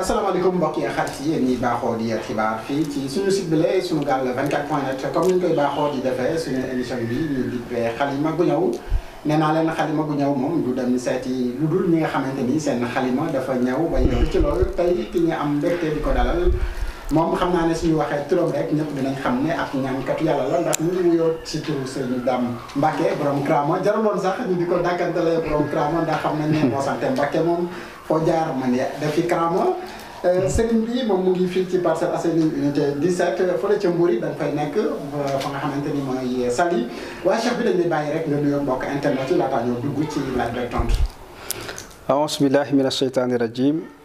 asalaamaaleykum mbokk yi xarit yi yéen ñiy baaxoo di xibaar fii ci suñu site bi la suñu gaal 24 point net comme ni koy baaxoo di defee suñu émission bi ñu dippee xalima gu ñëw nee leen xalima gu ñëw moom du dem seeti lu dul ñi nga xamante ni seen xalima dafa ñëw ba ñëw ci lool tey ki ñu am mbégte di ko dalal moom xam naa ne suñu waxee turam rek ñëpp dinañ xam ne ak ñaankat yàlla la ndax ñu ngi wuyoo si turu Sëriñ Dame Mbacke borom Cramo jaraloon sax ñu di ko dàkkantalee borom Cramo ndax xam nañ ne moo sante Mbacke moom foo jaar man ya defi Cramo euh, sëriñ bi moom mu ngi fii ci Parcelles Assainies unité 17 fële ca Mbour yi da nga fay nekk fa nga xamante ni mooy Saly waaye chef bi dañ lay bàyyi rek nga nuyoo mbokk internet yi laataa ñoo dugg ci laaj beeg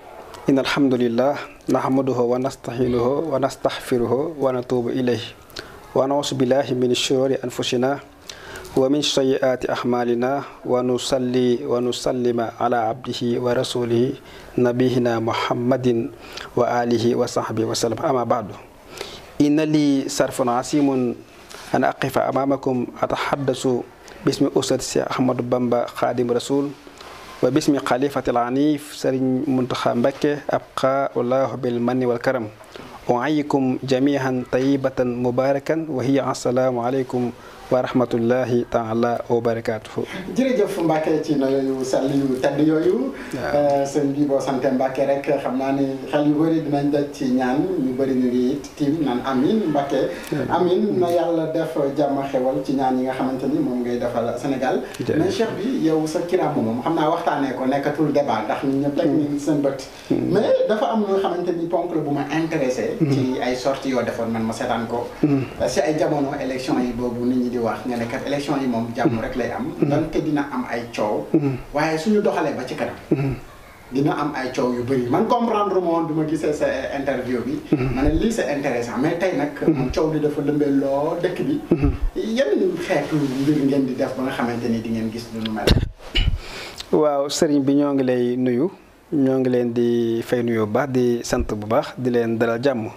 إن الحمد لله نحمده ونستعينه ونستغفره ونتوب إليه ونعوذ بالله من شرور أنفسنا ومن سيئات أعمالنا ونصلي ونسلم على عبده ورسوله نبينا محمد وآله وصحبه وسلم أما بعد إن لي صرف عظيم أن أقف أمامكم أتحدث باسم أستاذ أحمد بامبا خادم رسول wa bismi xalifatil anif sëriñ muntaxa mbakke abqa wallahu bil manni wal karam wa ayyikum jamihan tayyibatan mubarakan wa hiya assalaamu aleykum wa rahmatullahi taala wa barakaatuhu jërëjëf Mbacke ci na yooyu sell yu tedd yooyu eh, sëñ bi boo sante Mbacke rek xam naa ni xel yu bëri dinañ daj ci ñaan ñu bëri ñu ngi tiim naan amin Mbacke amin na yàlla def jàmm xewal ci ñaan yi nga xamante ni moom ngay defal Sénégal mais Cheikh bi yow sa kiraam moom xam naa waxtaanee ko nekkatul débat ndax ñu ñëpp teg ñu seen bët hmm. Hmm. mais dafa am loo xamante ni ponk la bu ma intéressé hmm. ci ay sorties yoo defoon man ma seetaan ko eh, si ay jamono élection yi boobu nit ñi di wax nga ne kat élection yi moom jàmm mm-hmm. rek lay am. Mm-hmm. donte dina am ay coow. Mm-hmm. waaye suñu doxalee ba ci kanam. dina am ay coow yu bëri man comprendre ma woon ma gisee sa interview bi. ma ne lii c'est intéressant mais tey nag. moom coow li dafa lëmbee loo dëkk bi. yan xeetu mbir ngeen di def ba nga xamante nii di ngeen gis lu mu mel. waaw sëriñ bi ñoo ngi lay nuyu ñoo ngi leen di fay nuyu bu baax di sant bu baax di leen dara jàmm.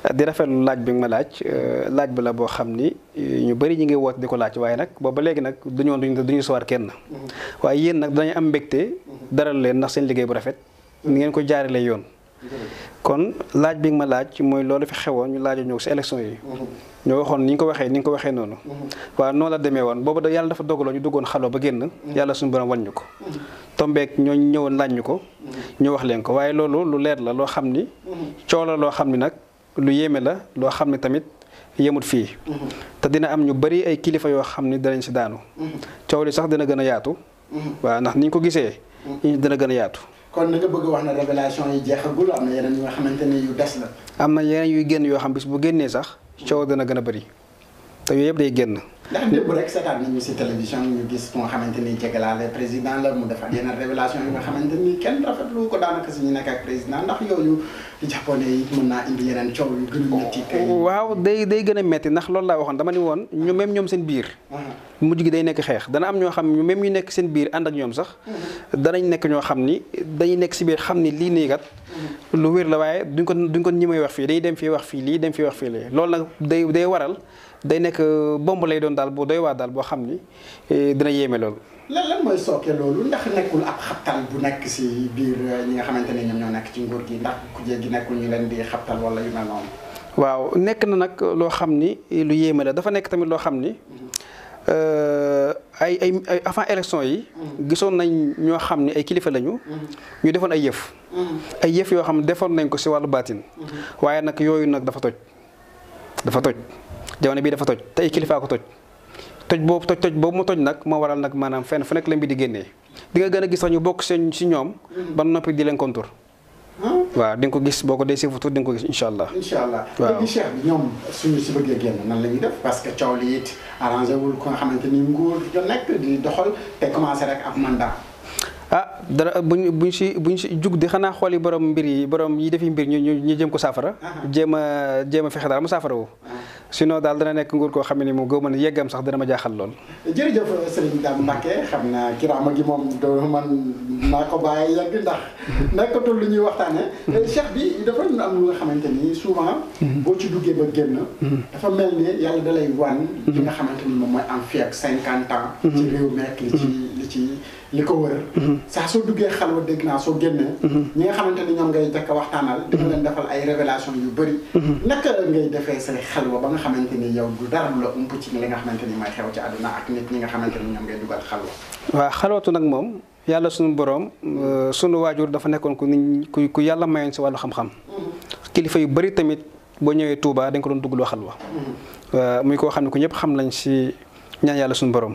di rafetlu laaj bi nga ma laaj euh, laaj bi la boo xam ni euh, ñu bari ñu ngi woot di ko laaj waaye nag booba léegi nag duñu woon duñu duñu sowaar kenn mm-hmm. waaye yéen nag dañu am mbégte mm-hmm. dara leen ndax seen liggéey bu rafet ni ko jaarale yoon mm-hmm. kon laaj bi nga ma laaj mooy loolu fi xewoon ñu laajo ñëw si élection yi ñoo waxoon ni ñu ko waxee ni ñu ko waxee noonu waaw noonu la demee woon booba da yàlla dafa dogaloo ñu duggoon xaloo ba génn yàlla suñu borom wàññu ko tombeek ñoo ñëwoon laaj ñu ko ñu wax leen ko waaye loolu lu leer la loo xam ni coola loo xam ni nag lu yéeme la loo xam ne tamit yemut fii. Mm-hmm. te dina am ñu bari ay kilifa yoo xam ne danañ si daanu. Mm-hmm. coow li sax dina gën a yaatu. Mm-hmm. waaw ndax ni ko gisee. dina gën a yaatu. kon na nga bëgg wax ne révélation yi jeexagul am na yeneen xamante ne la. am na yeneen yuy génn yoo xam bis bu génnee sax coow dana gën a bari. te yooyu yëpp day génn. ndax démb rek seetaan nañu si télévision ñu gis nga xamante ni jegalaale président la mu defaat yenn révélation yi nga xamante kenn rafetlu ko daanaka si yi naa indi yeneen coow yu gën waaw day day gën a métti ndax loolu laa waxoon dama ni woon ñu même ñoom seen biir. Uh-huh. mujj gi day nekk xeex dana am ñoo xam ñu même ñu nekk seen biir ànd ak ñoom sax. Uh-huh. danañ nekk ñoo xam ni dañuy nekk si biir xam ni lii nii uh-huh. lu wér la waaye duñ ko duñ ko ñi may wax fii day dem fii wax fii lii dem fii wax fii lii loolu nag day day waral day nekk euh, bomb lay doon daal boo doy waa daal boo xam ni euh, dina yéeme loolu. lan lan mooy sooke loolu ndax nekkul ab xabtal bu nekk si biir euh, ñi nga xamante ne ñoom ñoo nekk ci nguur gi ndax ku jéggi nekkul ñu leen di xabtal wala yu waaw nekk na nag loo xam ni lu yéeme la dafa nekk tamit loo xam ni. Mhm. ay yi. Mhm. gisoon nañ ñoo xam ne ay kilifa lañu. Mhm. defoon ay yëf. ay yëf yoo xam ne defoon nañ ko si wàllu baatin. waaye nag yooyu nag dafa toj. dafa toj jamono bii dafa toj te ay kilifaa ko toj toj boobu toj toj boobu mu toj nag moo waral nag maanaam fen fu nekk la mbi di génnee di gën a gis sax ñu bokk seen si ñoom ba noppi di leen contour hmm? waaw di nga ko gis boo ko dee si futur di nga ko gis incha allah. incha allah waaw léegi Cheikh bi ñoom suñu si parce que coow li wul ko nga xamante ni nguur jo nekk commencé rek ab mandat. ah bu ñu si bu ñu si jug di xanaa xool yi borom mbir yi borom yi defi mbir ñu ñu ñu jéem ko saafara. jéem a jéem a fexe daal mu saafara woo. Ah. sinon daal dana nekk nguur koo xam ne moom gëw ma ne yeggam sax dana ma jaaxal lool. jërëjëf Serigne Dame Mbacke xam naa kiraama gi moom doo man naa ko bàyyi yegg ndax nekkatul lu ñuy waxtaanee. Hmm. cheikh bi dafa am lu nga xamante ni souvent. Hmm. boo ci duggee ba génn. Hmm. dafa mel ne yàlla da lay wan. li nga xamante ni moom mooy am fii ak cinquante ans. ci réew mi li ci li ci. li ko wër. Mhm. saa soo duggee xalwa dégg naa soo génnee. Mhm. ñi nga xamante ñoom ngay jëkk a waxtaanal. di nga mhm. defal ay révélation yu bëri. naka ngay defee say xalwa ba nga xamante ni yow du dara la ump ci li nga xamante ni mooy xew ci àdduna ak nit ñi nga xamante ni ñoom ngay dugal xalwa. waaw xalwatu nag moom yàlla sunu borom euh, sunu waajur dafa nekkoon ku nit ku ku yàlla mayoon si wàllu xam-xam. kilifa yu bëri tamit boo ñëwee tuubaa dañ ko doon dugaloo xalwa. Euh, muy koo xam ne ku ñëpp xam nañ si ñaan yàlla sunu borom.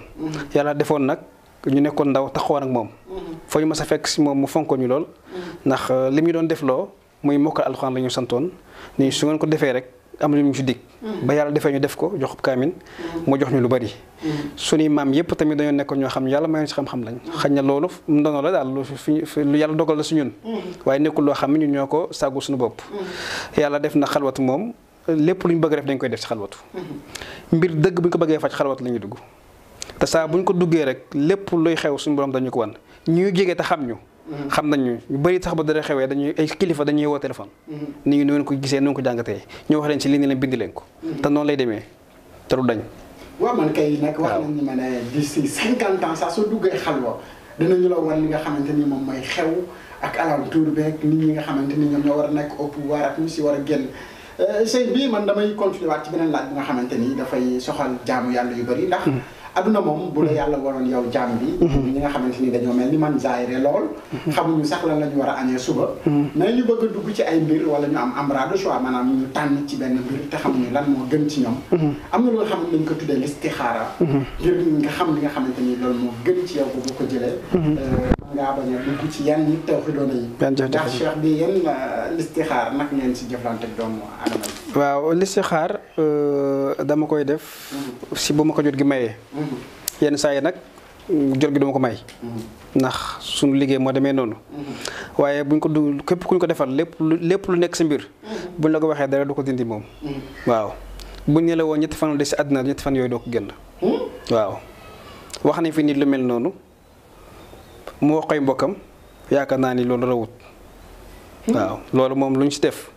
ñu nekkoon ndaw taxawoon ak moom. Mm-hmm. foo ñu mës a fekk si moom mu fonko ñu lool. Mm-hmm. ndax euh, li mu ñu doon loo muy mokkal alxaan la ñu santoon ni su ngeen ko defee rek am lu ñu si dikk mm-hmm. ba yàlla defee ñu def ko jox ko kaamin. mu jox ñu lu bari. suñuy maam yëpp tamit dañoo nekkoon ñoo xam yàlla mayoon si xam-xam lañ. xañ na loolu ndono la daal lu yàlla dogal la si ñun. waaye nekkul loo xam ne ñu ñoo ko sàggu suñu bopp. yàlla def na xalwatu moom lépp lu ñu bëgg def dañ koy def si xalwatu. mbir dëgg bu ko bëggee faj xalwatu la ñuy dugg te saa bu ñu ko duggee rek lépp luy xew suñ borom dañu ko wan ñuy jege te xam ñu. Mm-hmm. xam nañ ñu ñu bëri sax ba dara xewee dañuy ay kilifa dañuy woo téléphone. Mm-hmm. ni ñu nu ko gisee nu ko jàngatee ñu wax leen ci li ne leen bind leen ko. Mm-hmm. te noonu lay demee te du dañ. waaw man kay nag wax nañ ni ma ne d'ici cinquante ans sax soo duggee xalwa dinañu la wan li nga xamante ni moom mooy xew ak alentour beeg nit ñi nga xamante ni ñoom ñoo war a nekk au pouvoir ak ñu si war a génn. Euh, sëñ bii man damay continuer waat ci beneen laaj nga xamante ni dafay soxal jaamu yàlla yu bëri ndax. Mm. aduna moom bu la hmm. yàlla waroon yow jàmm bi hmm. ñi nga xamante ni dañoo mel ni man zaayre lool hmm. xamuñu sax lan la ñu war a añee suba mais ñu bëgg a dugg ci benn mbir te xamuñu lan moo gën ci ñoom am na lu nga xam ne nañ ko tuddee listixaara ngir li nga xamante ni loolu moo gën ci yow bu ko jëlee euh, ngaa bañ a dugg ci yan nit taw xidoona yi ndax cheikh bi yan euh, listixaar nag ngeen si jëflante doomu adama waaw euh, dama koy def si bu ma ko jot gi mayee. Mm-hmm. yenn saa yi nag jot gi duma ko may. Mm-hmm. ndax suñu liggéey moo demee noonu. Mm-hmm. waaye buñ ko du képp kuñ ko defal lépp lu lépp lu nekk si mbir. buñ la ko waxee dara du ko dindi moom. waaw bu ne la woon ñetti fan si àddina ñetti fan yooyu doo ko génn. Hmm? waaw nañ fi nit lu mel noonu mu wax koy mbokkam yaakaar naa ni loolu rawut. Hmm? waaw loolu moom luñ si def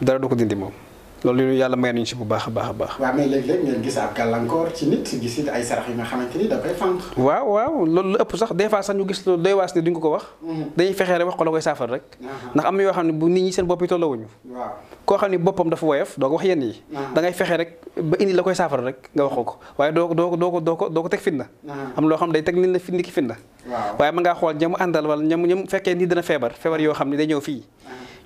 dara du ko dindi moom. loolu yàlla may nañu si bu baax a baax a baax. waaw mais léeg waaw loolu lu ëpp sax des fois sax ñu gis loolu doy waas ne duñ ko ko wax. Mhm. dañuy fexe rek wax ko la koy saafara yoo xam ne bu nit ñi seen bopp yi tolloowuñu. waaw koo ne boppam dafa woyof doo ko wax yenn ngay fexe rek ba indi la koy saafara rek nga wax ko waaye doo ko doo ko doo ko doo ko teg fitna. am loo xam ne day teg nit la fitna ki fitna. waaw waaye mën ngaa xool ñamu àndal wala ñamu ñamu fekkee nit dina feebar feebar yoo xam ne day ñëw fii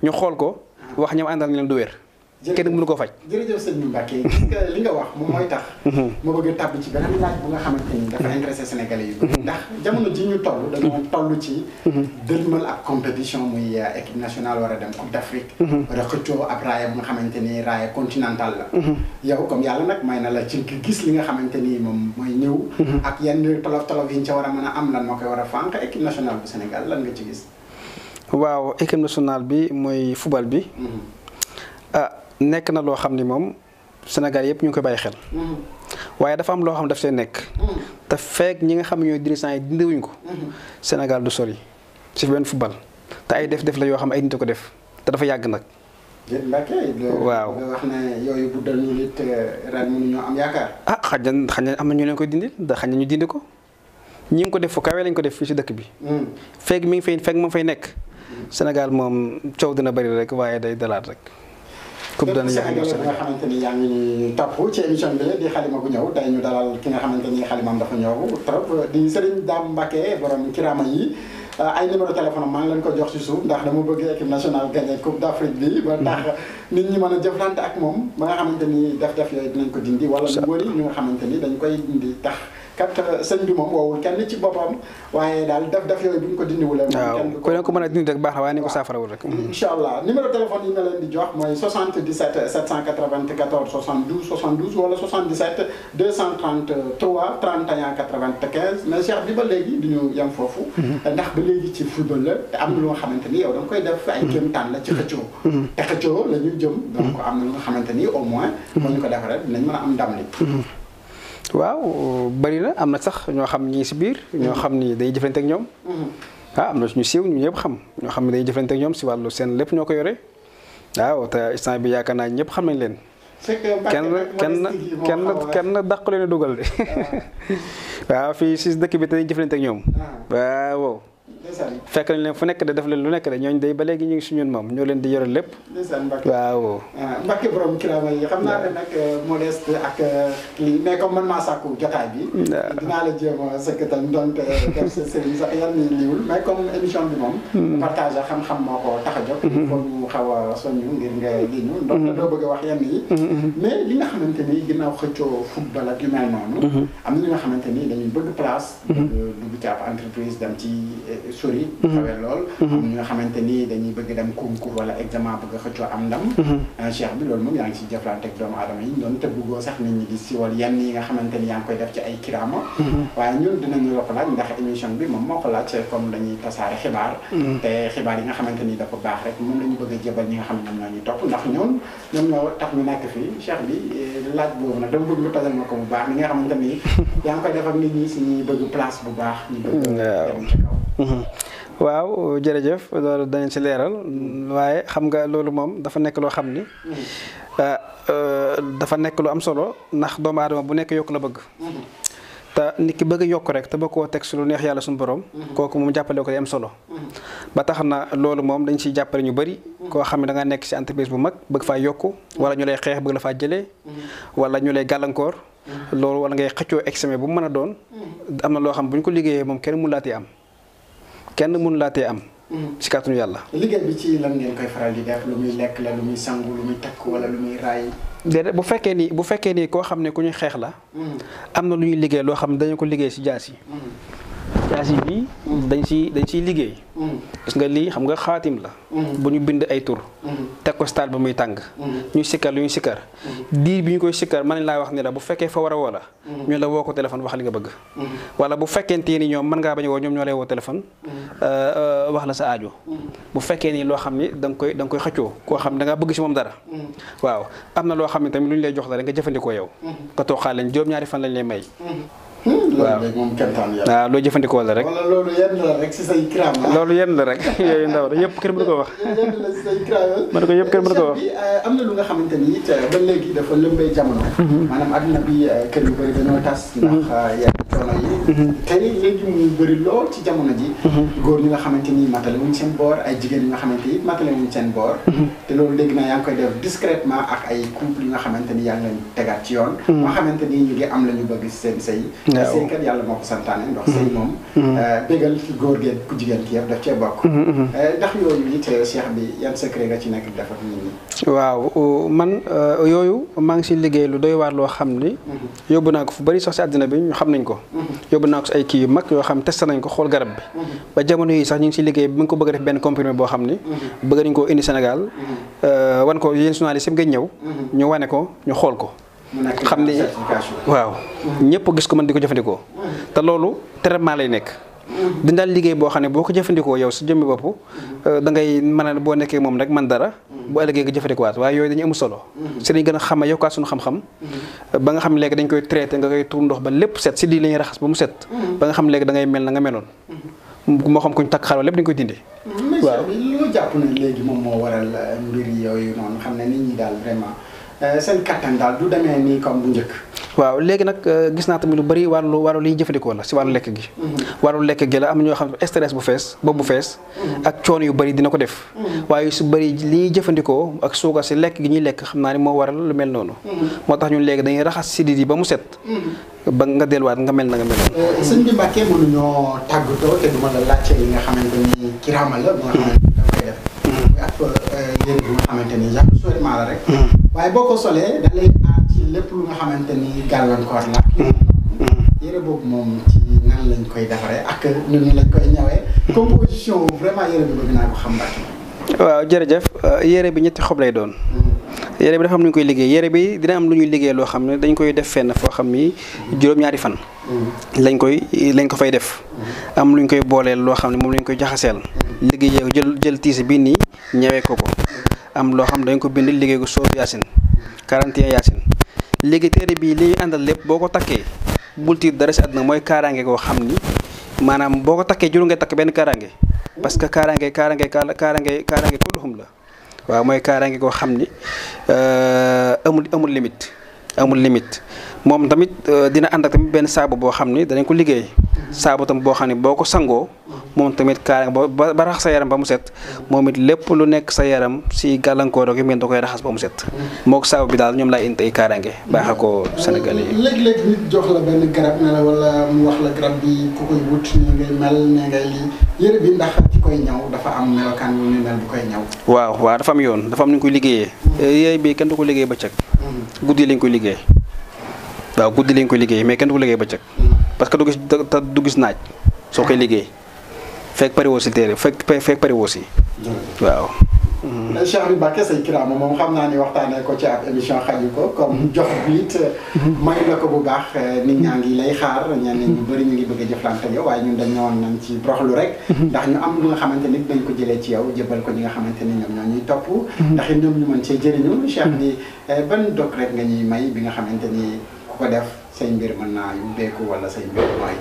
ñu xool ko wax ñam àndal ñu leen du wér kenn mënu koo faj. jërëjëf sëñ Mbacke gis nga li nga wax moom mooy tax. Mhm. ma bëgg a tàbb ci beneen laaj bu nga xamante ni dafa mhm. intéressé Sénégalais yu bëri. Mhm. ndax jamono ji ñu toll dañoo toll ci. dërmal ab compétition muy euh, équipe nationale war a dem Coupe d'Afrique. war a xëccoo ab raaya bu nga xamante ni raaya continental la. yow comme yàlla nag may na la ci gis li nga xamante ni moom mooy ñëw. ak yenn tolof tolof yi ñu ca war a mën a am lan moo koy war a fànq équipe nationale bu Sénégal lan nga ci gis. waaw équipe nationale bi mooy football ah, nekk na loo xam ni moom Sénégal yëpp ñu ngi koy bàyyi xel. Mm-hmm. waaye dafa am loo xam daf see nekk. Mm-hmm. te feek ñi nga xam ñooy dirigeants yi dindiwuñ ko. Mm-hmm. Sénégal du sori ci benn football ay def-def la yoo xam ay nit a ko def te dafa yàgg nag. waaw wax ne yooyu euh, ah, am na ñu leen koy dindi da xaj dindi ko ñi ngi ko def fu kawe lañ ko def fii si dëkk bi. Mm. mi ngi fay feek moom fay nekk. Mm. Sénégal moom coow dina bari rek waaye day dalaat rek. coupe d'année yaa ngi ñëw Sénégal nga xamante ni yaa ngi ñuy topp ci émission bi di xalima gu ñëw tey dalal ki xamante ni xalimaam dafa ñëw trop di Serigne Dame Mbacké borom kiraama yi euh, ay numéro téléphone am maa ko jox ci suuf ndax dama bëgg équipe nationale gagné coupe d'Afrique bi ba mm-hmm. tax nit ñi mën a jëflante ak moom ba nga xamante ni def-def yooyu dinañ ko dindi wala lu wëri ñu nga xamante ni dañ koy indi tax kat euh, sëñ bi moom woowul kenn ci boppam waaye daal def def yooyu bu ñu ko dindiwulee moom kenn ko mën a dindi rek baax na waaye ni ko saafarawul rek mm-hmm. incha allah numéro téléphone yi ma leen di jox mooy 77 794 72 72 wala 77 233 31 95 mais Cheikh bi ba léegi du ñu yem foofu mm-hmm. ndax ba léegi am na lu nga xamante ni yow da koy def ay mm-hmm. kéemtaan la ci xëccoo te xëccoo la jëm donc am na lu nga xamante ni au moins ñu ko defaree dinañ mën a am ndam waaw bëri na am na sax ñoo xam ñi si biir ñoo mhm. xam ni dañuy jëflante ñoom mhm. ah am na ñu siiw ñu ñëpp xam ñoo xam ne dañuy jëflante ñoom si wàllu seen lépp ñoo ko yore waaw te instant bi yaakaar naa ñëpp xam nañ leen kenn kenn kenn kenn dàq leen dugal de waaw fii si dëkk bi te dañuy jëflante ñoom ah. waaw fekk nañ leen fu nekk de def leen lu nekk de ñooñu day ba léegi ñu ngi suñu moom ñoo leen di yore lépp. waaw. Ah, Mbacke borom kiraama yi xam naa ne nag euh, modeste ak euh, lii mais comme man maa sàkku jotaay bi. dinaa la jéem a sëkkatal donte euh, def sa sëriñ sax yar ni liwul mais comme émission bi moom. Hmm. partage xam-xam moo ko tax a jóg. Hmm. foog ñu xaw a soññu ngir nga lii ñu. Hmm. donte doo bëgg a wax yenn yi. mais li nga xamante ni ginnaaw xëccoo football ak yu mel noonu. am na li nga xamante ni dañuy bëgg place. dugg ci ab entreprise dem ci. sori. xawee mhm. lool. Mhm. am ñoo xamante ni dañuy bëgg dem concours wala examen bëgg a xëccoo am ndam. Mhm. Ah, cheikh bi loolu moom yaa ngi si jëflante ak doomu aadama yi doon te bëggoo sax si wal yi nga xamante ni yaa ngi koy def ci ay kiraama. waaye ñun dinañu la ko laaj ndax émission bi moom moo ko laaj comme dañuy tasaare xibaar. te xibaar yi nga xamante ni dafa baax rek moom la ñu bëgg a jébal ñi nga xam ne ñoom ñoo ñu topp ndax ñoom ñoom ñoo tax ñu nekk fii cheikh bi eh, laaj boobu nag dama bëgg lu tasal ma ko bu baax li nga xamante ni yaa ngi koy def ak nit si ñuy bëgg place bu baax ñu bëgg dem ci kaw Mm-hmm. waaw jërëjëf loolu danañ si leeral waaye xam nga loolu moom dafa nekk loo xam ni mm-hmm. ah, euh, dafa nekk lu am solo ndax doomu aadama bu nekk yokk la bëgg mm-hmm. te nit ki bëgg a yokk rek te bëgg koo teg si lu neex yàlla suñu borom kooku moom jàppale ko day am solo ba tax na loolu moom dañ siy jàppale ñu bari koo xam ne da nekk si entreprise bu mag bëgg faa yokk wala ñu lay xeex bëgg la faa jëlee wala ñu lay gàllankoor loolu wala ngay xëccoo examen bu mu mën a doon am na loo xam bu ñu ko liggéeyee moom kenn mu laatee am kenn mënu laa tee am. Mm-hmm. si kàttanu yàlla. liggéey bi ci lan ngeen koy faral di def lu muy lekk la lu muy sangu lu muy takk wala lu muy raay. déedéet bu fekkee ni bu fekkee ni koo xam ne ku ñu xeex la. Mm-hmm. am na lu ñuy liggéey loo xam ne dañu ko liggéey si jaas yi. Mm-hmm. jaasi bi dañ siy dañ siy liggéey gis nga lii xam nga xaatim la bu ñu bind ay tur teg ko stade ba muy tàng ñu sikkar lu ñu sikkar diir bi ñu koy sikkar mën nañ laa wax ni la bu fekkee fa war a woo la ñu la woo ko téléphone wax li nga bëgg wala bu fekkentee ni ñoom mën ngaa bañ woo ñoom ñoo lay woo téléphone euh, wax la sa aajo bu fekkee ni loo xam ni da nga koy da nga koy xëccoo koo xam ne da ngaa bëgg si moom dara waaw am na loo xam ne tamit lu ñu lay jox la rek nga jëfandikoo yow nga toog xaar leen juróom-ñaari fan lañ lay may waaw loo jëfandikoo la rek. loolu yenn la rek si say kiraam ah. loolu yenn la rek yooyu ndaw rek yëpp kenn mënu ko wax. yenn la si say kiraam mën ko yëpp kenn mënu ko wax. Euh, am na lu nga xamante ni euh, ba léegi dafa lëmbee jamono. Mhm. maanaam àdduna bi euh, kër yu bëri dañoo tas. Mhm. ndax soxna yi tey léegi mu bëri lool ci jamono ji góor ñi nga xamante ni matale wuñ seen boor ay jigéen nga xamante ni matale wuñ seen boor te loolu léegi na yaa ngi koy def discrètement ak ay couple yi nga xamante ni yaa tegaat ci yoon hmm. nga xamante ni ñu ngi am la ñu bëgg seen sëy sëy kat yàlla moo ko santaane ndax hmm. sëy moom hmm. euh, bégal góor géen ku jigéen ki yëpp daf cee bokk euh, ndax yooyu it seex euh, bi yan secret nga ci nekk dafa nit ñi waaw man yooyu maa ngi si liggéey lu doy waar loo xam ni yóbbu naa ko fu bëri sax si àddina bi xam nañ ko yóbbu naa ko si ay kii yu mag yoo xam testé nañ ko xool garab bi ba jamono yi sax ñu ngi si liggéey bi nga ko bëgg a def benn comprimé boo xam ni bëgg nañ koo indi Sénégal euh, wan ko yéen journaliste yi ngeen ñëw ñu wane ko ñu xool ko xam ni waaw ñëpp gis ko man di ko jëfandikoo te loolu traitement lay nekk dañu daal liggéey boo xam ne boo ko jëfandikoo yow su jëmmi bopp euh, da ngay mën a boo nekkee moom rek man dara bu ëllëgee nga jëfandikuwaat waaye yooyu dañu amul solo mm-hmm. si dañ gën a xama yokkaat suñu xam-xam mm-hmm. ba nga xam léegi dañ koy traité nga koy tuur ndox ba lépp set si lii la ñuy raxas ba mu set mm-hmm. ba nga xam léegi da ngay mel na nga meloon moo xam kuñ takk xarwa lépp dañ koy dindi waaw loo ne léegi moom moo waral euh, mbir yooyu noonu xam ne nit ñi daal vraiment euh, seen kattan daal du demee nii comme bu njëkk waaw léegi nag euh, gis naa tamit lu bëri wàllu wàllu liy jëfandikoo la si wàllu lekk gi mm-hmm. wàllu lekk gi la am ñoo xam ne stress bu fees boobu bu fees mm-hmm. ak coono yu bari dina ko def mm-hmm. waaye su bëri liy jëfandikoo ak suukar si lekk gi ñuy lekk xam naa ni moo waral lu mel noonu moo tax ñun léegi dañuy raxas sidit yi ba mu set ba nga delluwaat nga mel na nga mel euh, sëñ bi Mbacke mënuñoo tàggatoo te du nga xamante ni kiraama la euh, xamante ni dafay rek boo ko solee lépp lu nga xamante ni gàllankoor la. yére boobu koy defaree ak ñun yére bi jërëjëf euh, yére bi ñetti xob lay doon. Mm-hmm. yére bi dafa am lu koy liggéey yére bi dina am lu ñuy liggéey loo xam ne dañ koy def fenn foo xam ni mm-hmm. juróom-ñaari fan. Mm-hmm. lañ koy lañ ko fay def. am luñ koy booleel loo xam ne moom lañ koy jaxaseel. liggéeyee ko jël jël tiise bii nii ñawee ko ko. am loo xam dañ ko bind liggéey ko yaasin 41 yaasin. léegi téere bii li àndal lépp boo ko takkee bul tiit dara si àdduna mooy kaaraange goo xam ni maanaam boo ko takkee juru nga takk benn kaaraange parce que kaaraange kaaraange kaaraange kaaraange kulluhum la waaw mooy kaaraange goo xam ni euh, amul amul limite amul limite moom tamit euh, dina ànd ak tamit benn saabu boo xam ni danañ ko liggéey saabu tam boo xam ne boo ko sangoo moom tamit kaara ba ba raxas sa yaram ba mu set moom it lépp lu nekk sa yaram si gàllankoor ak yu mel da koy raxas bi daal ñoom laay indi ay kaaraange baaxal dafa am yoon dafa am nu ñu koy liggéeyee. Hmm. Eh, yére bi kenn du ko liggéey bëccëg. Hmm. guddi lañ koy liggéey. waaw guddi lañ koy liggéey mais kenn du ko liggéey bëccëg. Hmm. parce que du gis te du gis naaj soo koy liggéey fekk pare woo si fekk fekk pare woo si waaw. mais mm-hmm. Cheikh bi Mbacke say moom xam naa ni waxtaanee ko ci ab émission xaju ko comme mm-hmm. jox bi mm-hmm. mayu la ko bu baax eh, nit ñaa ngi lay xaar ñenn ñu bari ñu ngi bëgg a jëflante yow waaye ñun dañ ñëwoon nañ ci broxlu rek. ndax ñu am lu nga xamante ni dañ ko jëlee ci yow jëbal ko ñi nga xamante ni ñoom ñoo ñuy topp. ndax it ñu eh, may bi nga xamante ni ku ko def. say mbir mën naa wala say mbir mooy.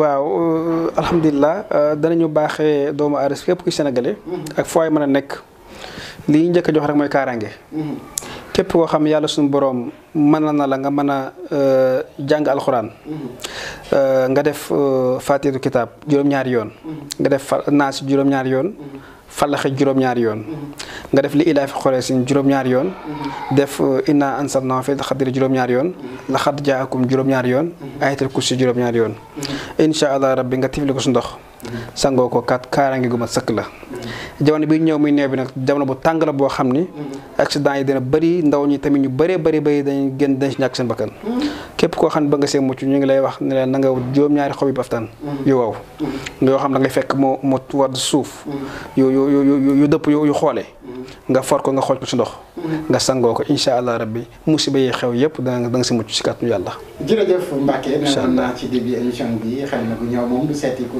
waaw euh, alhamdulilah euh, danañu baaxee doomu aadama képp ku sénégalais. Mm-hmm. ak fooy ay mën a nekk li njëkk jox rek mooy kaaraange. Mm-hmm. képp koo xam yàlla suñu borom mënal na la nga mën a euh, jàng alxuraan. Euh, nga def euh, fatiru kitaab juróom-ñaari yoon. nga def naas juróom-ñaari yoon. falaxe juróom-ñaari yoon. nga def li ilaafi xoreesin juróom-ñaari yoon. def inna anzalnaahu fi xadri juróom-ñaari yoon. la xad jaakum juróom-ñaari yoon. ayatul kursi juróom-ñaari yoon. incha allah rabbi nga tifli ko su ndox. sangoo ko kat kaaraange gu ma sëkk la jamono bii ñëw muy néew bi nag jamono bu tàng la boo xam ni accident yi dina bëri ndaw ñi tamit ñu bëree bëri bëri dañ gën dañ si ñàkk seen bakkan képp koo xam ne ba nga seen mucc ñu ngi lay wax ne la na nga juróom-ñaari xob yi baftaan yu waw nga yoo xam da ngay fekk mu mu wadd suuf yu yu yu yu dëpp yu xoole nga for ko nga xooj ko si ndox nga sangoo ko incha allah rabbi musiba yi xew yëpp da nga si mucc si kàttu yàlla. jërëjëf Mbacke. incha allah naa ci début émission bi xel na bu ñëw moom du seeti ku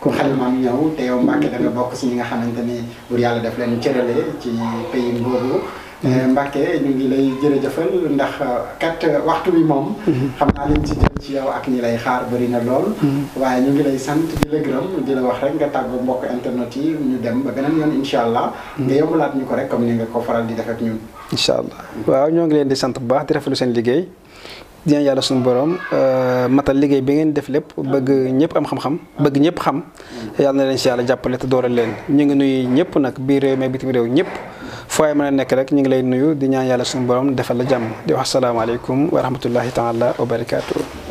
ku xel maam ñëw te yow Mbacke da bokk si ñi nga xamante ni buur yàlla def leen cërale ci pays boobu. Euh, Mbacke ñu ngi lay jërëjëfal ndax euh, kat euh, waxtu wi moom. Mhm. xam naa liñ ci jël ci yow ak ñi lay xaar bëri na lool. Mhm. waaye ñu ngi lay sant di la gërëm di la wax rek nga tàggu mbokk internet yi ñu dem ba beneen yoon incha allah. Mhm. nga yombalaat ñu ko rek comme ni nga di def ak ñun. incha allah waaw ñoo ngi leen di sant bu baax di rafetlu seen liggéey. di yàlla suñu borom matal liggéey bi ngeen def lépp bëgg ñëpp am xam-xam bëgg ñëpp xam yàlla na leen si yàlla jàppale te dooral leen ñu ngi nuy ñëpp nag biir réew mi bitim réew ñëpp. foo mën a nekk rek ñu ngi lay nuyu di ñaan yàlla suñu borom defal la jàmm di wax salaamaaleykum wa rahmatullahi taala wa barakaatu.